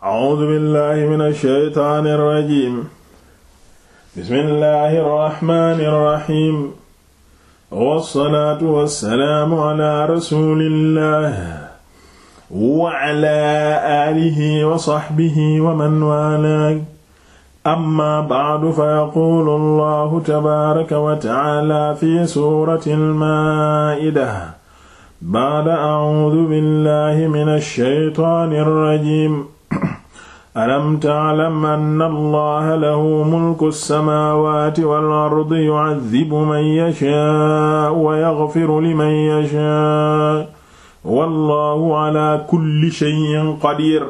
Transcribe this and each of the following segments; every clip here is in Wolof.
A'uuzu billaahi mina shaytaani rajiim. Bismillaahi rahmaani rahiim. Wassalaatu wassalaamu alaa rasuulillaahi wa alaa aalihi wa sahbihi wa man waalaah. Ammaa ba'du fayaquulu Allaahu tabaaraka wa ta'aalaa fi suuratil Maa'ida. Ba'da a'uuzu billaahi mina shaytaani rajiim. alam taalam anna allaha lahu mulku alsamawati walardi yucadibu man yashaa wa yaxfiru liman yashaa wallahu ala kulli sheyin qadir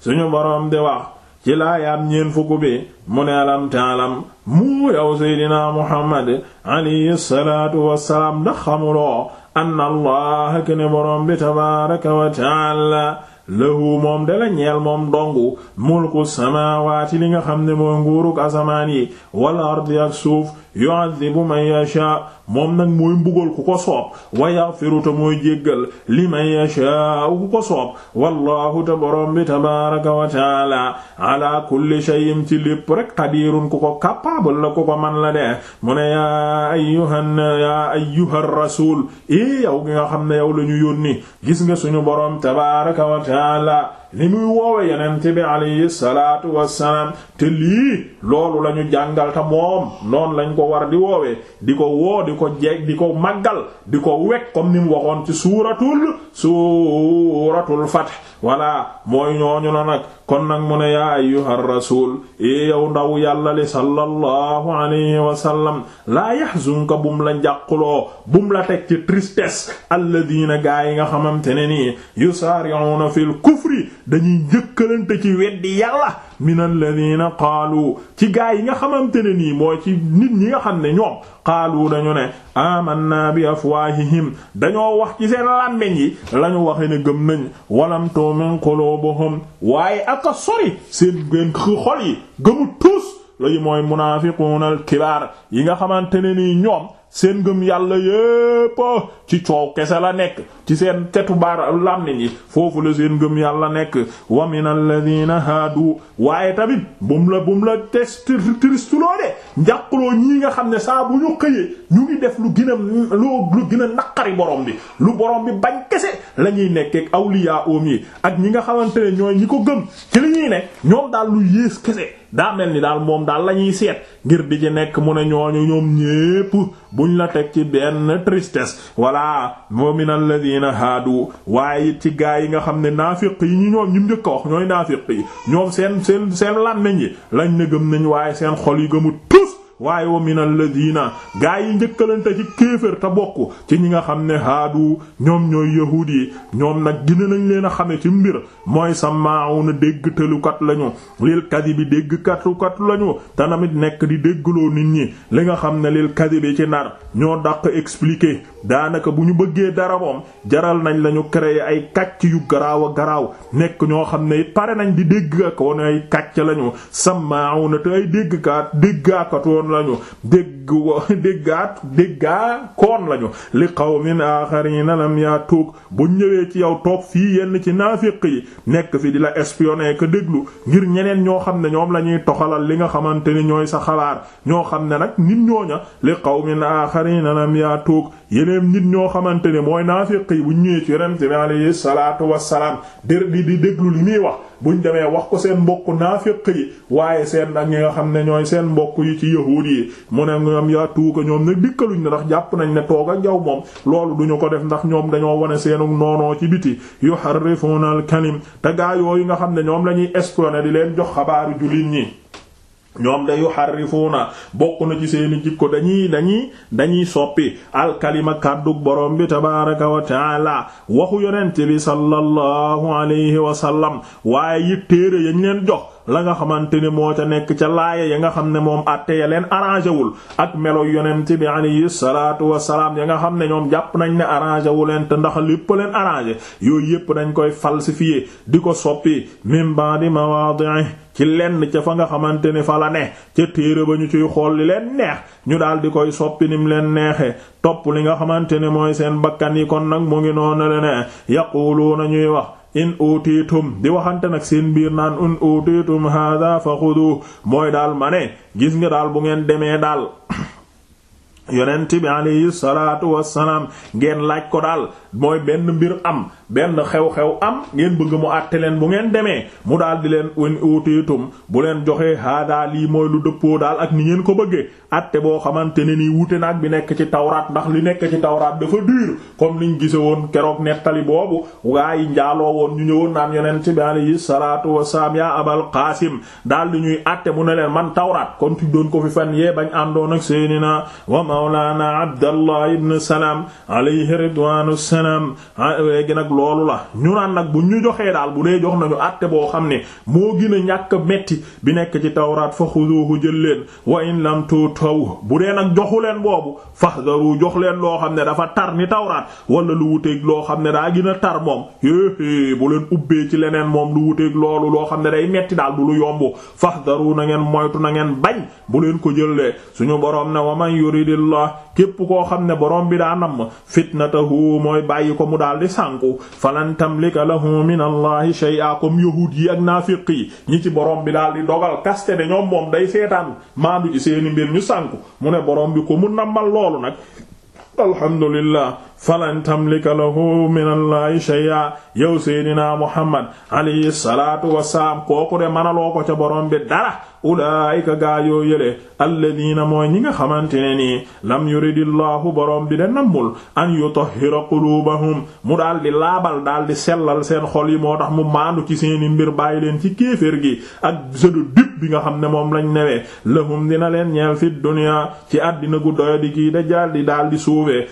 suñu boroom de wax ci laayaam ñeen fukk bi mu ne alam taalam mu yow seydinaa muhammad alayhi salaatu wassalaam ndax xamuloo anna allaha kene boroom bi tabaaraka wa taala lahu moom de la ñeel moom dongu mulku samaawaati li nga xam ne mooy nguuru asamaan yi wal ardi ak suuf yu'adhibu man yasha moom nag mooy mbugal ku ko soob wa yaghfiru te mooy jéggal li man yasha ku ko soob wallahu te borom bi tabaraka wa taala ala kulli shay'in ci lépp rek qadirun ku ko capable la ku ko man la de mu ne yaa ayyuhan yaa ayyuhar rasul i eh, yow gi nga xam ne yow la ñu yónni gis nga suñu borom tabaraka wa taala li muy woowe yonent bi alayhi salaatu wassalaam te lii loolu la ñu jàngal te moom noonu lañ ko war di woowe di ko woo di ko jeeg di ko màggal di ko wekk comme ni mu waxoon ci suuratul suuratul fath walla mooy ñooñu na nag kon nag mu ne yaa ayyuhar rasul e yow ndaw yàlla li sallallahu alayhi wa sallam laa yahzunka bum la njàquloo bum la teg ci tristesse alladina gaa yi nga xamante ne nii yusaari'una fil kufri dañuy njëkkalante ci weddi yàlla min alladina alladina qaalu ci gaa yi nga xamante ne nii mooy ci nit ñi nga xam ne ñoom qaalu dañu ne amanna bi afwaahihim dañoo wax ci seen làmmiñ yi la ñu ne gëm nañ walam tu'min qulubuhum waaye aka sori seen geen xol yi gëmu tuus layu mooy munaafiquunal kibaar yi nga xamante ne nii ñoom seen ngëm yàlla yépp ci coow kese la nekk ci seen tetu baar làmmiñ yi foofu la seen ngëm yàlla nekk wa min alladhina haadu waaye tamit bum la bum la test tristuloo de njàqaloo ñi nga xam ne saa bu ñu xëyee ñu ngi def lu gina a lu gën naqari borom bi lu borom bi bañ kese la ñuy nekkeek awliya oom yi ak ñi nga xamante ne ñooy ñi ko gëm ci li ñuy ne ñoom daal lu yées kese daa mel ni daal moom daal la ñuy seet ngir di ci nekk mu ne ñooñu ñoom ñépp ñu la teg ci benn tristesse voilà wa min alladina haadu waaye it ci gaa yi nga xam ne naafiq yi ñu ñoom ñu njëkk a wax ñooy naafiq yi ñoom seen seen seen làmmiñ yi lañ ne gëm nañ waaye seen xol yi gëmut waaye wa min alladina gaa yi njëkkalante ci kéefër te bokk ci ñi nga xam ne haadu ñoom ñooy yahuud yi ñoom nag gina nañ leen a xame ci mbir mooy samaa'una déggtalukat lañu lil kadibi déggkatukat lañu te tamit nekk di déggloo nit ñi li nga xam ne lil kadibi ci nar ñoo dàq expliquer daanaka bu ñu bëggee dara moom jaral nañ lañu créer ay kàcc yu garaaw a garaaw nekk ñoo xam ne pare nañ di dégg ak woon ay kàcc lañu samaa'una te ay déggkat déggakatoon koon lañu dégg déggaat déggaa koon lañu li qawmin aaxarina lam yaa tuug bu ñëwee ci yow toog fii yenn ci naafiq yi nekk fi di la espionner déglu ngir ñeneen ñoo xam ne ñoom la ñuy toxalal li nga xamante ni ñooy sa xalaat ñoo xam ne nag nit ñooña li qawmin aaxarina lam yaa toog yeneen nit ñoo xamante ne mooy naafiq yi bu ñëwee ci yonent bi alayhi salaatu wassalaam di di déglu li muy wax buñ demee wax ko seen mbokk naafiq yi waaye seen nag ñi nga xam ne ñooy seen mbokk yi ci yahuud yi mu ne ñoom yaa tuuka ñoom nag dikkaluñ ne ndax jàpp nañ ne toog ak njaw moom loolu duñu ko def ndax ñoom dañoo wane seenu noonoo ci biti yuharrifuna al kalim te gaa yooyu nga xam ne ñoom lañuy ñuy di leen jox xabaaru jullit ñi ñoom da yuharrifuuna bokk na ci seeni jikko dañuy dañuy dañuy soppi alkalima kàddug borom bi tabaraka wa taala waxu yonent bi sallallahu alayhi wa sallam waaye yit téere yañ leen jox la nga xamante ne moo ca nekk ca laaya ya nga xam ne moom àtte ya leen arrangé wul ak melo yonent bi alayhi salaatu wassalaam ya nga xam ne ñoom jàpp nañ ne arrangé wu leen te ndax lépp leen arrangé yooyu yépp dañ koy falsifié di ko soppi min ba'di mawaadi'i ci lenn ca fa nga xamante ni fa la ne ca téere ba ñu ciy xool li leen neex ñu daal di koy soppi nim leen neexee topp li nga xamante ne mooy seen bakkan yi kon nag mu ngi noonu la ne yaquluuna ñuy wax in utitum di waxante nag seen biir naan in utitum hada fa xudu mooy daal ma ne gis nga daal bu ngeen demee daal yonent bi alayhi salaatu wassalaam ngeen laaj ko daal mooy benn mbir am benn xew-xew am ngeen bëgg mu àtte leen bu ngeen demee mu daal di leen wen ooteetum bu leen joxee haada lii mooy lu dëppoo daal ak ni ngeen ko bëggee àtte boo xamante ne nii wute naag bi nekk ci tawraat ndax li nekk ci tawraat dafa dur comme liñ gise woon keroog nettali boobu waa njaaloo woon ñu ñëwoon naan yonent bi alayhi salaatu wasalaam yaa abal qaasim daal di ñuy àtte mu ne leen man tawraat kon tu doon ko fi fan yee bañ àndoon ak seydina wa mawlaana abdallah ibn salam alayhi ridwaanu salam léegi nag loolu la ñu naan nag bu ñu joxee daal bu dee jox nañu àtte boo xam ne moo gën ñàkk metti bi nekk ci tawraat fa xuduuhu jël leen wa in lam bu dee nag joxu leen boobu fax fahdaru jox leen loo xam ne dafa tar ni tawraat wala lu wuteeg loo xam ne daa gën a tar moom éé bu leen ubbee ci leneen moom lu wuteeg loolu loo xam ne day metti daal bu lu yomb fahdaru na ngeen moytu nangeen ngeen bañ bu leen ko jëlee suñu borom ne wa man yuridillah képp koo xam ne borom bi daa namm fitnatahu mooy bàyyi ko mu daal di sànku falan tamlika lahu min allahi shay'a comme yahuud ak naafiq yi ñi ci borom bi daal di dogal kaste ne ñoom moom day seetaan maandu ci seeni mbir ñu sànku mu ne borom bi ko mu nammal loolu nag alhamdulillah falan tamlika lahu min allahi shay'a yow seydina muhammad alayhi salatu wasalaam kooku de manaloo ko ca borom bi dara ulaayika gaa yoo yële alladina mooy ñi nga xamante ne nii lam yuridillahu borom bi de nammul an yutahhira quluubahum mu daal di laabal daal di sellal seen xol yi moo tax mu maandu ci seeni mbir bàyyi leen ci kéeféer gi ak jëdu dip bi nga xam ne moom lañ newee lahum dina leen ñeel fi dunya ci àddina gu doya di kii da jal di daal di suufee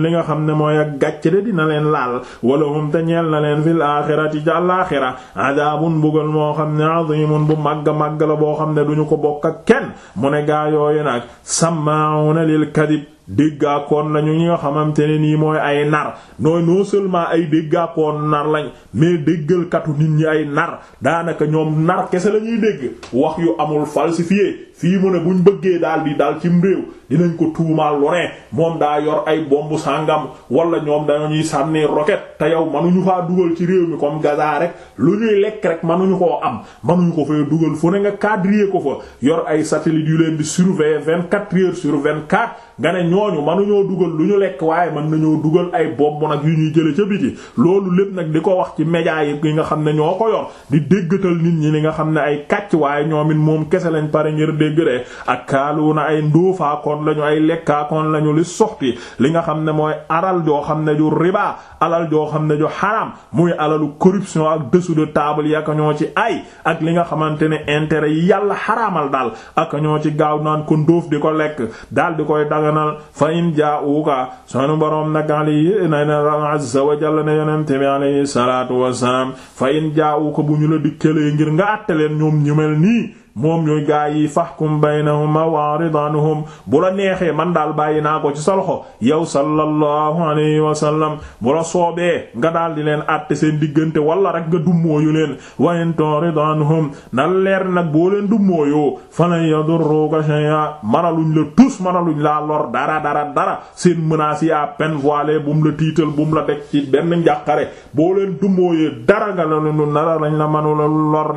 li xam ne mooy ak gàcc de dina leen laal wala hum te ñeel na leen fil axirati ca àlaxira adabun mbugal moo xam ne azimun bu màgga màgg la boo xam ne duñu ko bokk ak kenn mu ne gaa yooyu nag sammauna lil kadib déggaakoon lañu ñi nga xamante ne nii mooy ay nar nooy non seulement ay déggaakoon nar lañ mais déggalkatu nit ñi ay nar daanaka ñoom nar kese lañuy ñuy dégg wax yu amul falsifié fii mu ne buñ bëggee daal di dal cim réew dinañ ko tuumaal loree moom daa yor ay bombu sàngam wala ñoom ñuy sànni roquette te yow ñu faa dugal ci réew mi comme Gaza rek lu ñuy lekk rek mënuñu koo am mënuñu ko fay dugal fu ne nga cadrer ko fa yor ay satellite yu leen di surveiller vingt-quatre heures sur vingt-quatre nga ne ñooñu mënuñoo dugal lu ñu lekk waaye mën nañoo dugal ay bomb nag yu ñuy jële ca biti loolu lépp nag di ko wax ci médias yi nga xam ne ñoo ko yor di déggatal nit ñi li nga xam ne ay kàcc waaye it moom kese lañ pare ngir dégg de ak kaalu na ay ndóofaakoon koom lañu ay lekkaakoon lañu li soxti li nga xam ne mooy aral joo xam ne ju riba alal joo xam ne ju xaraam muy alalu corruption ak dessous de table yi ak ñoo ci ay ak li nga xamante ne intérêt yi yàlla xaraamal daal ak ñoo ci gaaw naan ko ndóof di ko lekk dal di koy daganal fa in jaa'uka sunu boroom nag ali na azza wa jalla ne yonente bi alayhi salaatu wassalaam fa in jaa'uka bu ñu la dikkalee ngir nga àtte leen ñoom ñu mel nii moom ñuy gaa yi fahkum baynahuma wa'rid anhum bu la neexee man daal bàyyi naa ko ci sa loxo yow sallallahu alayhi wa sallam bu la soobee nga daal di leen àtte seen diggante wala rek nga dummóoyu leen wa in tu'rid anhum nan leer nag boo leen dummóoyoo falan yadurruka shay'a manaluñ la tus manaluñ laa lor dara dara dara seen menace yi à peine bu mu la tiital bu la deg ci benn njàqare boo leen dummóoyee dara nga la lu nara la manula lor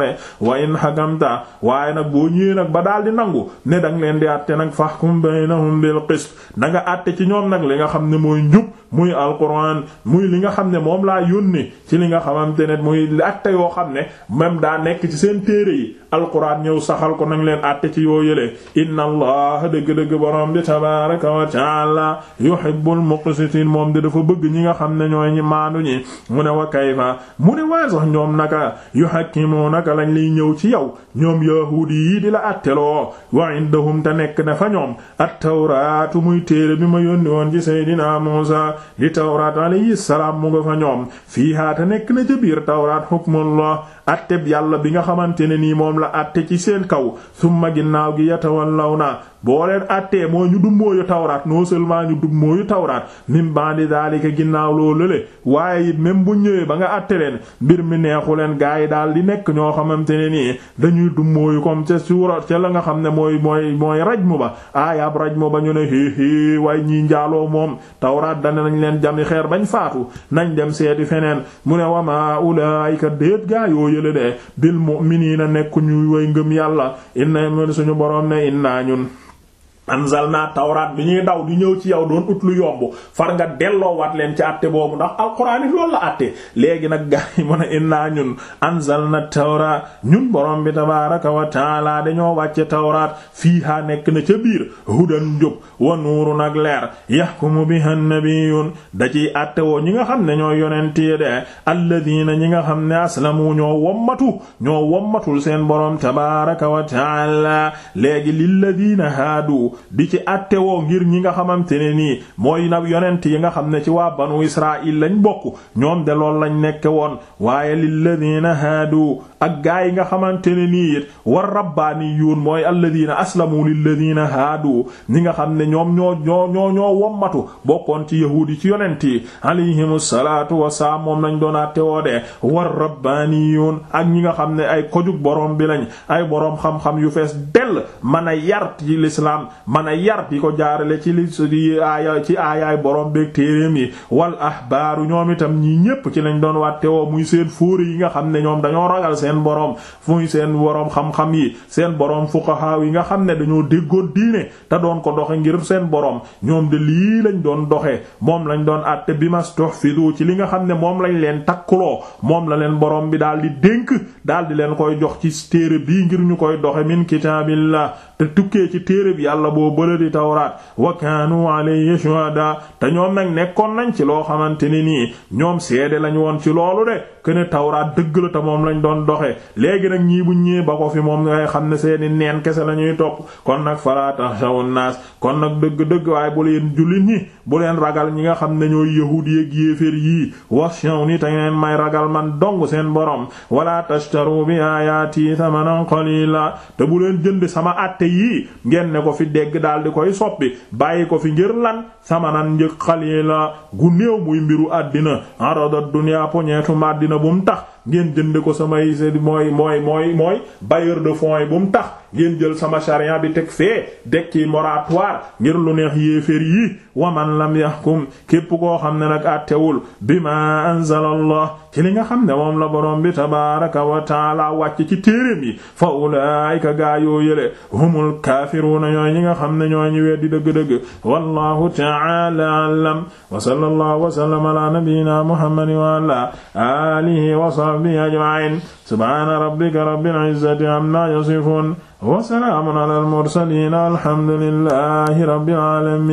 waaye nag boo ñëwee nag ba daal di nangu ne danga leen di àtte nag fahkum baynahum bil qist na nga àtte ci ñoom nag li nga xam ne mooy njub muy alquran muy li nga xam ne moom laa yónnee ci li nga xamante ne muy àtte yoo xam ne même daa nekk ci seen téere yi alquran ñëw saxal ko nañ leen àtte ci yoo yëlee inna allah dëgg-dëgg borom bi tabaraka wa taala yuhibbul muqsitin moom de dafa bëgg ñi nga xam ne ñooy ñi maandu ñi mu ne wa kayfa mu ne waaye sax ñoom naka yuhakimu naka yahuudi yii di la atteloo wa indahum te nekk na fa ñoom at-tawraatu muy téere bi ma yónni woon ci seydina muusa di tawraat alayhi salaam mu nga fa ñoom fiihaa te nekk na ca biir tawraat hukmullah atteb yàlla bi nga xamante ne nii moom la atte ci seen kaw summa ginnaaw gi yatawallaw na boo leen attee mooy ñu dummóoyu tawraat non seulement ñu dummóoyu tawraat mim bandi daalika ginnaaw loolu le waaye it même bu ñëwee ba nga atte leen mbir mi neexu leen gaa yi daal di nekk ñoo xamante ne nii dañuy dummóoyu comme ca suura ca la nga xam ne mooy mooy mooy raj rajmu ba raj rajmu ba ñu ne héehée waaye ñii njaaloo moom tawraat dane nañ leen jami xeer bañ faatu nañ dem seeti feneen mu ne wama ulaayika déet gaa yoo yële de bil mu'miniina nekk ñuy way ngëm yàlla inna suñu borom ne inna ñun anzalna tawraat bi ñuy daw di ñëw ci yow doon ut lu yomb far nga delloowaat leen ci àtte boobu ndax alxuraan loolu la àtte léegi nag gaa yi mën a innaa ñun anzalna tawraat ñun borom bi tabaaraka wa taala dañoo wàcce tawraat fiihaa nekk na ca biir hudan jub wa nuurun ak leer yahkumu biha nabiyun da ciy àtte woo ñi nga xam ne ñoo yonent yi de alladiina ñi nga xam ne aslamu ñoo wommatu ñoo wommatul seen borom tabaaraka wa taala li lilladiina haadu wu di ci attewoo ngir ñi nga xamante ne nii mooy nag yonent yi nga xam ne ci waa banu israil lañ bokk ñoom de lool lañ nekke woon waaye lilladina haadu ak gaa yi nga xamante ne nii it war rabbaaniyuun mooy alladina aslamu lilladina haadu ni nga xam ne ñoom ñoo ñoo ñoo ñoo wommatu bokkoon ci yahuud yi ci yonent yi alayhim salaatu wasalaam moom nañ doon a tewoodee war rabbaaniyuun ak ñi nga xam ne ay kojug boroom bi lañ ay boroom xam-xam yu fees dell mën a yar ci l'islam mën a yar di ko jaarale ci li ci aaya ci aayaay boroom beeg téeréem yi wal ahbaaru ñoom itam ñi ñépp ci lañ doon waat tewoo muy seen fóore yi nga xam ne ñoom dañoo ragal seen seen boroom muy seen boroom xam-xam yi seen boroom fuqaha yi nga xam ne dañoo déggoon diine te doon ko doxe ngir seen boroom ñoom de lii lañ doon doxee moom lañ doon àtte bi mastuhfidu ci li nga xam ne moom lañ leen takkuloo moom la leen boroom bi daal di dénk dal di leen koy jox ci téere bii ngir ñu koy doxe min kitaabillah te tukkee ci téere bi yàlla boo bële di tawraat wa kaanu alayhi shuhada te ñoom nag nekkoon nañ ci loo xamante ne nii ñoom seede lañ woon ci loolu léegi nag ñii buñ ñëwee ba ko fi moom ngay xam na seeni neen kese la ñuy topp kon nag falaa taxshawun naas kon nag dëgg-dëgg waaye bu leen jullit ñi bu leen ragal ñi nga xam ne ñooy yahuud yeek yéeféer yii waxshawni te ngeen may ragal man dong seen borom wala tashtaru bi ayaati thamanan qalila te bu leen jënd sama atte yii ngeen ne ko fi dégg daal di koy soppi bàyyi ko fi ngir lan sama samanan njëg qalila gu néew muy mbiru àddina arada dunya poñeetum àddina tax ngeen jënd ko samay mooy mooy mooy mooy bailleur de fonds yi bu mu tax ngeen jël sama charia bi teg fee deg ci moratoire ngir lu neex yéefér yi waman lam yahkum képp koo xam ne nag àttewul bima anzalallah ci li nga xam ne moom la borom bi tabaaraka wa taala wa ci téereem yi fa ulaayika gaa yoo yële humul kaafiruuna ñooy ñi nga xam ne ñooy ñi weddi dëgg-dëgg wallahu ta'ala a'lam wa sallallahu wa sallama ala nabiyyina muhammadin wa ala alihi wa sahbihi ajma'in subhana rabbika rabbil izzati amma yasifun wa salaamun ala al mursalin alhamdulillahi rabbil alamin